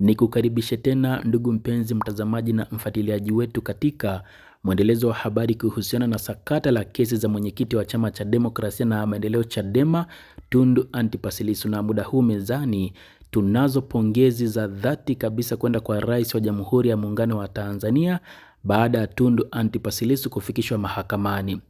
Ni kukaribishe tena ndugu mpenzi mtazamaji na mfuatiliaji wetu katika mwendelezo wa habari kuhusiana na sakata la kesi za mwenyekiti wa chama cha demokrasia na maendeleo Chadema Tundu Antipas Lissu, na muda huu mezani tunazo pongezi za dhati kabisa kwenda kwa Rais wa Jamhuri ya Muungano wa Tanzania baada ya Tundu Antipas Lissu kufikishwa mahakamani.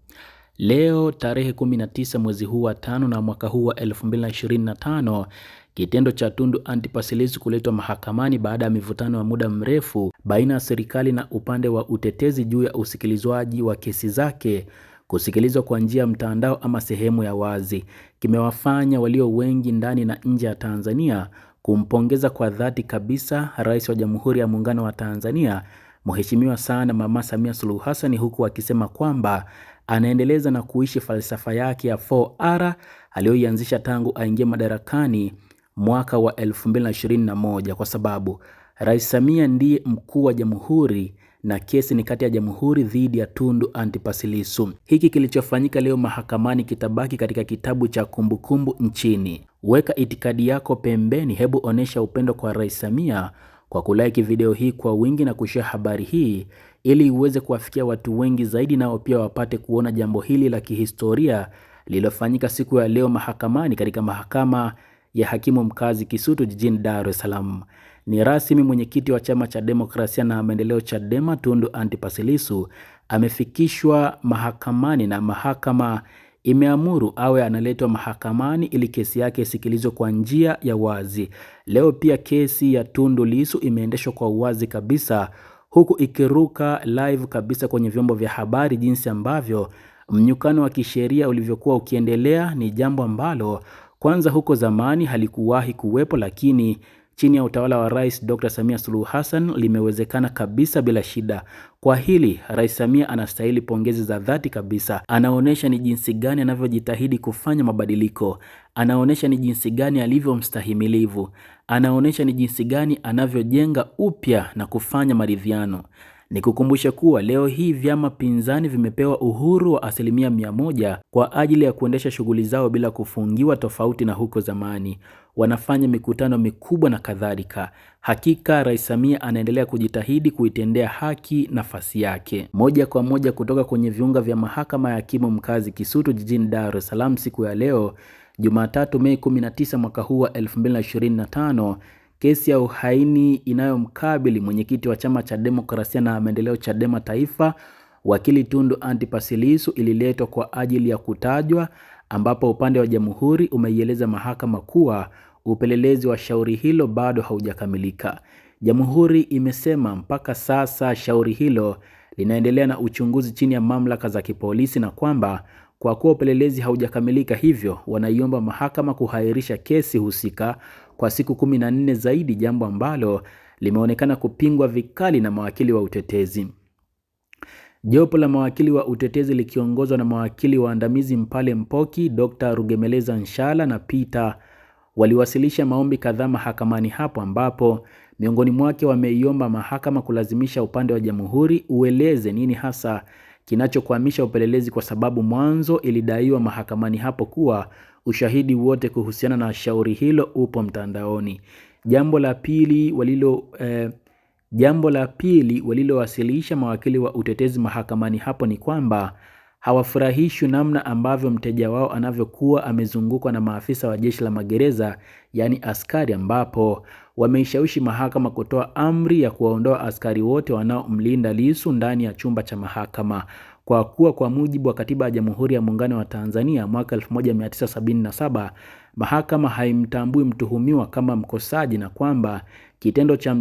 Leo tarehe 19 mwezi huu wa tano na mwaka huu wa 2025 kitendo cha Tundu Antipas Lissu kuletwa mahakamani baada ya mivutano ya muda mrefu baina ya serikali na upande wa utetezi juu ya usikilizwaji wa kesi zake kusikilizwa kwa njia ya mtandao ama sehemu ya wazi kimewafanya walio wengi ndani na nje ya Tanzania kumpongeza kwa dhati kabisa Rais wa Jamhuri ya Muungano wa Tanzania Mheshimiwa sana Mama Samia Suluhu Hassan huku akisema kwamba anaendeleza na kuishi falsafa yake ya 4R aliyoianzisha tangu aingie madarakani mwaka wa 2021 kwa sababu Rais Samia ndiye mkuu wa jamhuri na kesi ni kati ya jamhuri dhidi ya Tundu Antipas Lissu. Hiki kilichofanyika leo mahakamani kitabaki katika kitabu cha kumbukumbu nchini. Weka itikadi yako pembeni, hebu onesha upendo kwa Rais Samia kwa kulike video hii kwa wingi na kushare habari hii ili iweze kuwafikia watu wengi zaidi, nao pia wapate kuona jambo hili la kihistoria lililofanyika siku ya leo mahakamani katika mahakama ya hakimu mkazi Kisutu jijini Dar es Salaam. Ni rasmi, mwenyekiti wa chama cha demokrasia na maendeleo Chadema Tundu Antipas Lissu amefikishwa mahakamani na mahakama imeamuru awe analetwa mahakamani ili kesi yake isikilizwe kwa njia ya wazi. Leo pia kesi ya Tundu Lissu imeendeshwa kwa uwazi kabisa huku ikiruka live kabisa kwenye vyombo vya habari jinsi ambavyo mnyukano wa kisheria ulivyokuwa ukiendelea. Ni jambo ambalo kwanza huko zamani halikuwahi kuwepo, lakini chini ya utawala wa Rais Dr. Samia Suluhu Hassan limewezekana kabisa bila shida. Kwa hili Rais Samia anastahili pongezi za dhati kabisa. Anaonyesha ni jinsi gani anavyojitahidi kufanya mabadiliko, anaonyesha ni jinsi gani alivyomstahimilivu, anaonyesha ni jinsi gani anavyojenga upya na kufanya maridhiano. Ni kukumbusha kuwa leo hii vyama pinzani vimepewa uhuru wa asilimia mia moja kwa ajili ya kuendesha shughuli zao bila kufungiwa, tofauti na huko zamani. Wanafanya mikutano mikubwa na kadhalika. Hakika Rais Samia anaendelea kujitahidi kuitendea haki nafasi yake. Moja kwa moja kutoka kwenye viunga vya mahakama ya hakimu mkazi Kisutu jijini Dar es Salaam siku ya leo Jumatatu Mei 19 mwaka huu wa 2025 kesi ya uhaini inayomkabili mwenyekiti wa chama cha demokrasia na maendeleo Chadema Taifa, wakili Tundu Antipas Lissu ililetwa kwa ajili ya kutajwa, ambapo upande wa jamhuri umeieleza mahakama kuwa upelelezi wa shauri hilo bado haujakamilika. Jamhuri imesema mpaka sasa shauri hilo linaendelea na uchunguzi chini ya mamlaka za kipolisi na kwamba kwa kuwa upelelezi haujakamilika, hivyo wanaiomba mahakama kuhairisha kesi husika kwa siku 14 zaidi, jambo ambalo limeonekana kupingwa vikali na mawakili wa utetezi. Jopo la mawakili wa utetezi likiongozwa na mawakili waandamizi Mpale Mpoki, Dr. Rugemeleza Nshala na Peter waliwasilisha maombi kadhaa mahakamani hapo ambapo miongoni mwake wameiomba mahakama kulazimisha upande wa jamhuri ueleze nini hasa kinachokwamisha upelelezi kwa sababu mwanzo ilidaiwa mahakamani hapo kuwa Ushahidi wote kuhusiana na shauri hilo upo mtandaoni. Jambo la pili walilo eh, jambo la pili walilowasilisha mawakili wa utetezi mahakamani hapo ni kwamba hawafurahishwi namna ambavyo mteja wao anavyokuwa amezungukwa na maafisa wa jeshi la magereza, yaani askari, ambapo wameishawishi mahakama kutoa amri ya kuwaondoa askari wote wanaomlinda Lissu ndani ya chumba cha mahakama kwa kuwa kwa mujibu wa Katiba ya Jamhuri ya Muungano wa Tanzania mwaka 1977 mahakama haimtambui mtuhumiwa kama mkosaji na kwamba kitendo cha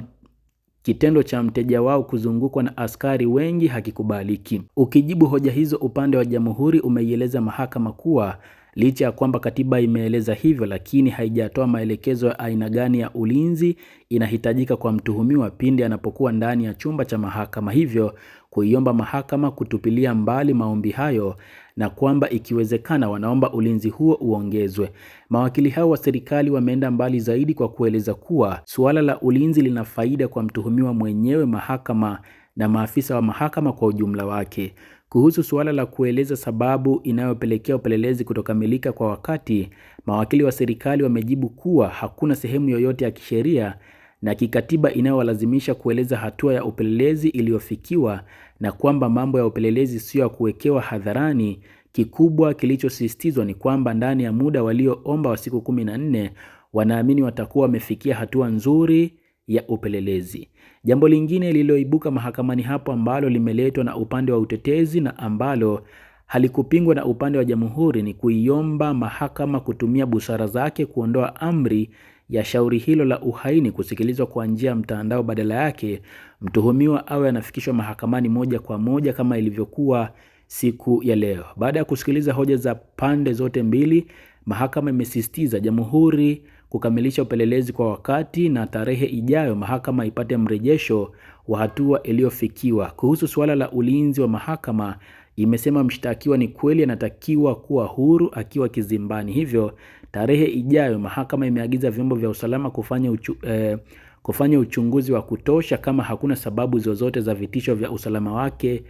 kitendo cha mteja wao kuzungukwa na askari wengi hakikubaliki. Ukijibu hoja hizo, upande wa jamhuri umeieleza mahakama kuwa Licha ya kwamba katiba imeeleza hivyo, lakini haijatoa maelekezo ya aina gani ya ulinzi inahitajika kwa mtuhumiwa pindi anapokuwa ndani ya chumba cha mahakama, hivyo kuiomba mahakama kutupilia mbali maombi hayo na kwamba ikiwezekana wanaomba ulinzi huo uongezwe. Mawakili hao wa serikali wameenda mbali zaidi kwa kueleza kuwa suala la ulinzi lina faida kwa mtuhumiwa mwenyewe, mahakama na maafisa wa mahakama kwa ujumla wake. Kuhusu suala la kueleza sababu inayopelekea upelelezi kutokamilika kwa wakati, mawakili wa serikali wamejibu kuwa hakuna sehemu yoyote ya kisheria na kikatiba inayowalazimisha kueleza hatua ya upelelezi iliyofikiwa na kwamba mambo ya upelelezi siyo ya kuwekewa hadharani. Kikubwa kilichosisitizwa ni kwamba ndani ya muda walioomba wa siku 14 wanaamini watakuwa wamefikia hatua nzuri ya upelelezi. Jambo lingine lililoibuka mahakamani hapo ambalo limeletwa na upande wa utetezi na ambalo halikupingwa na upande wa jamhuri ni kuiomba mahakama kutumia busara zake kuondoa amri ya shauri hilo la uhaini kusikilizwa kwa njia ya mtandao, badala yake mtuhumiwa awe anafikishwa mahakamani moja kwa moja kama ilivyokuwa siku ya leo. Baada ya kusikiliza hoja za pande zote mbili, mahakama imesisitiza jamhuri kukamilisha upelelezi kwa wakati na tarehe ijayo mahakama ipate mrejesho wa hatua iliyofikiwa. Kuhusu suala la ulinzi wa mahakama, imesema mshtakiwa ni kweli anatakiwa kuwa huru akiwa kizimbani, hivyo tarehe ijayo mahakama imeagiza vyombo vya usalama kufanya uchu, eh, kufanya uchunguzi wa kutosha. Kama hakuna sababu zozote za vitisho vya usalama wake,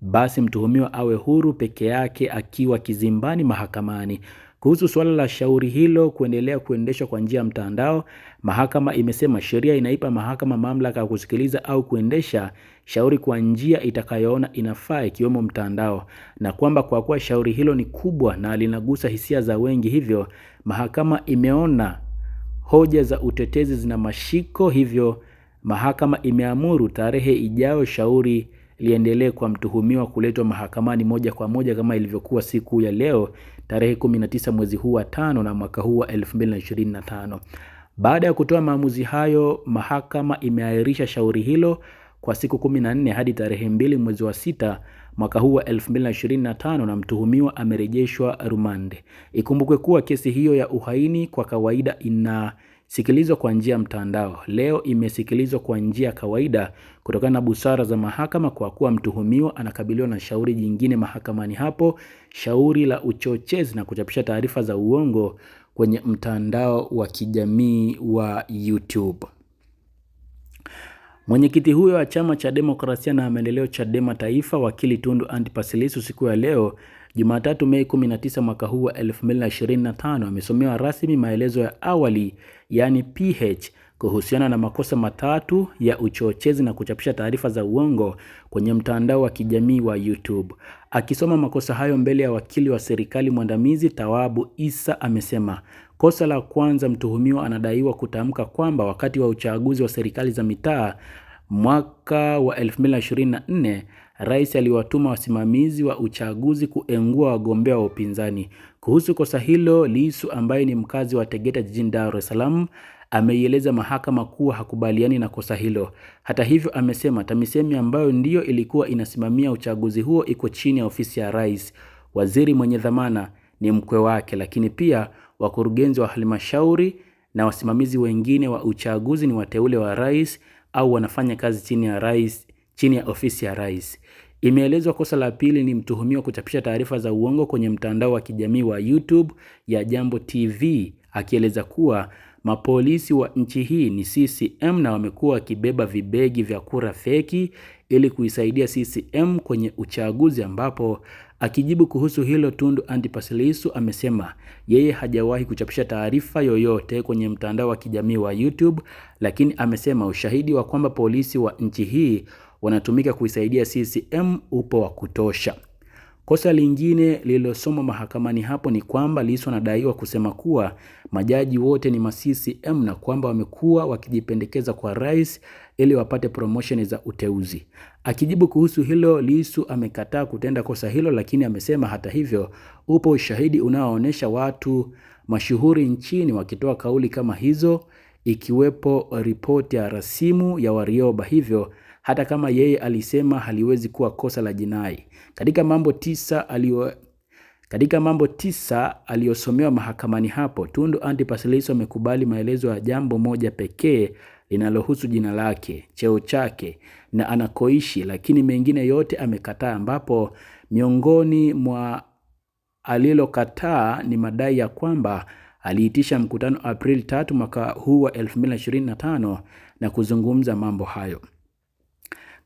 basi mtuhumiwa awe huru peke yake akiwa kizimbani mahakamani. Kuhusu suala la shauri hilo kuendelea kuendeshwa kwa njia ya mtandao, mahakama imesema sheria inaipa mahakama mamlaka ya kusikiliza au kuendesha shauri kwa njia itakayoona inafaa ikiwemo mtandao, na kwamba kwa kuwa shauri hilo ni kubwa na linagusa hisia za wengi, hivyo mahakama imeona hoja za utetezi zina mashiko, hivyo mahakama imeamuru tarehe ijayo shauri liendelee kwa mtuhumiwa kuletwa mahakamani moja kwa moja kama ilivyokuwa siku ya leo tarehe 19 mwezi huu wa tano na mwaka huu wa 2025. Baada ya kutoa maamuzi hayo, mahakama imeahirisha shauri hilo kwa siku 14 hadi tarehe 2 mwezi wa sita mwaka huu wa 2025 na mtuhumiwa amerejeshwa rumande. Ikumbukwe kuwa kesi hiyo ya uhaini kwa kawaida ina sikilizwa kwa njia ya mtandao leo imesikilizwa kwa njia ya kawaida kutokana na busara za mahakama, kwa kuwa mtuhumiwa anakabiliwa na shauri jingine mahakamani hapo, shauri la uchochezi na kuchapisha taarifa za uongo kwenye mtandao wa kijamii wa YouTube. Mwenyekiti huyo wa chama cha demokrasia na maendeleo Chadema Taifa, wakili Tundu Antipas Lissu siku ya leo Jumatatu Mei 19 mwaka huu wa 2025 amesomewa rasmi maelezo ya awali yani PH kuhusiana na makosa matatu ya uchochezi na kuchapisha taarifa za uongo kwenye mtandao wa kijamii wa YouTube. Akisoma makosa hayo mbele ya wakili wa serikali mwandamizi Tawabu Isa amesema kosa la kwanza, mtuhumiwa anadaiwa kutamka kwamba wakati wa uchaguzi wa serikali za mitaa Mwaka wa 2024 rais aliwatuma wasimamizi wa uchaguzi kuengua wagombea wa upinzani. Kuhusu kosa hilo, Lissu ambaye ni mkazi wa Tegeta jijini Dar es Salaam ameieleza mahakama kuwa hakubaliani na kosa hilo. Hata hivyo, amesema TAMISEMI ambayo ndiyo ilikuwa inasimamia uchaguzi huo iko chini ya ofisi ya rais. Waziri mwenye dhamana ni mkwe wake, lakini pia wakurugenzi wa halmashauri na wasimamizi wengine wa uchaguzi ni wateule wa rais au wanafanya kazi chini ya rais, chini ya ofisi ya rais. Imeelezwa kosa la pili ni mtuhumiwa kuchapisha taarifa za uongo kwenye mtandao wa kijamii wa YouTube ya Jambo TV akieleza kuwa Mapolisi wa nchi hii ni CCM na wamekuwa wakibeba vibegi vya kura feki ili kuisaidia CCM kwenye uchaguzi ambapo akijibu kuhusu hilo Tundu Antipas Lissu amesema yeye hajawahi kuchapisha taarifa yoyote kwenye mtandao wa kijamii wa YouTube, lakini amesema ushahidi wa kwamba polisi wa nchi hii wanatumika kuisaidia CCM upo wa kutosha. Kosa lingine lililosomwa mahakamani hapo ni kwamba Lissu anadaiwa kusema kuwa majaji wote ni ma-CCM na kwamba wamekuwa wakijipendekeza kwa rais ili wapate promotion za uteuzi. Akijibu kuhusu hilo, Lissu amekataa kutenda kosa hilo, lakini amesema hata hivyo, upo ushahidi unaoonyesha watu mashuhuri nchini wakitoa kauli kama hizo, ikiwepo ripoti ya rasimu ya Warioba, hivyo hata kama yeye alisema haliwezi kuwa kosa la jinai. Katika mambo tisa aliyo katika mambo tisa aliyosomewa mahakamani hapo, Tundu Antipas Lissu amekubali maelezo ya jambo moja pekee linalohusu jina lake, cheo chake na anakoishi, lakini mengine yote amekataa, ambapo miongoni mwa alilokataa ni madai ya kwamba aliitisha mkutano Aprili 3 mwaka huu wa 2025 na kuzungumza mambo hayo.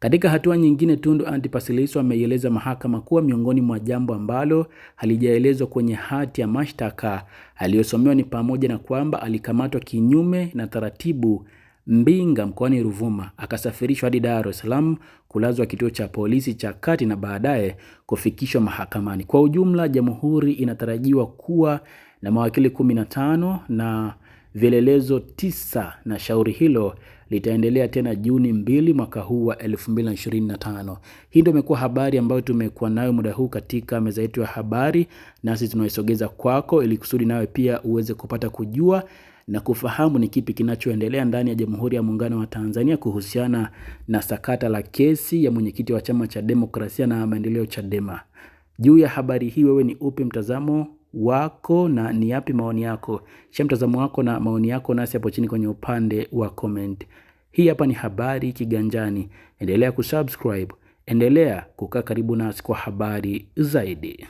Katika hatua nyingine, Tundu Antipas Lissu ameieleza mahakama kuwa miongoni mwa jambo ambalo halijaelezwa kwenye hati ya mashtaka aliyosomewa ni pamoja na kwamba alikamatwa kinyume na taratibu Mbinga mkoani Ruvuma, akasafirishwa hadi Dar es Salaam, kulazwa kituo cha polisi cha Kati na baadaye kufikishwa mahakamani. Kwa ujumla, jamhuri inatarajiwa kuwa na mawakili 15 na vielelezo tisa na shauri hilo litaendelea tena Juni mbili mwaka huu wa 2025. Hii ndio imekuwa habari ambayo tumekuwa nayo muda huu katika meza yetu ya habari, nasi tunaisogeza kwako ili kusudi nawe pia uweze kupata kujua na kufahamu ni kipi kinachoendelea ndani ya Jamhuri ya Muungano wa Tanzania kuhusiana na sakata la kesi ya mwenyekiti wa Chama cha Demokrasia na Maendeleo, Chadema. Juu ya habari hii, wewe ni upi mtazamo wako na ni yapi maoni yako. Shia mtazamo wako na maoni yako nasi hapo chini kwenye upande wa comment. Hii hapa ni Habari Kiganjani. Endelea kusubscribe, endelea kukaa karibu nasi kwa habari zaidi.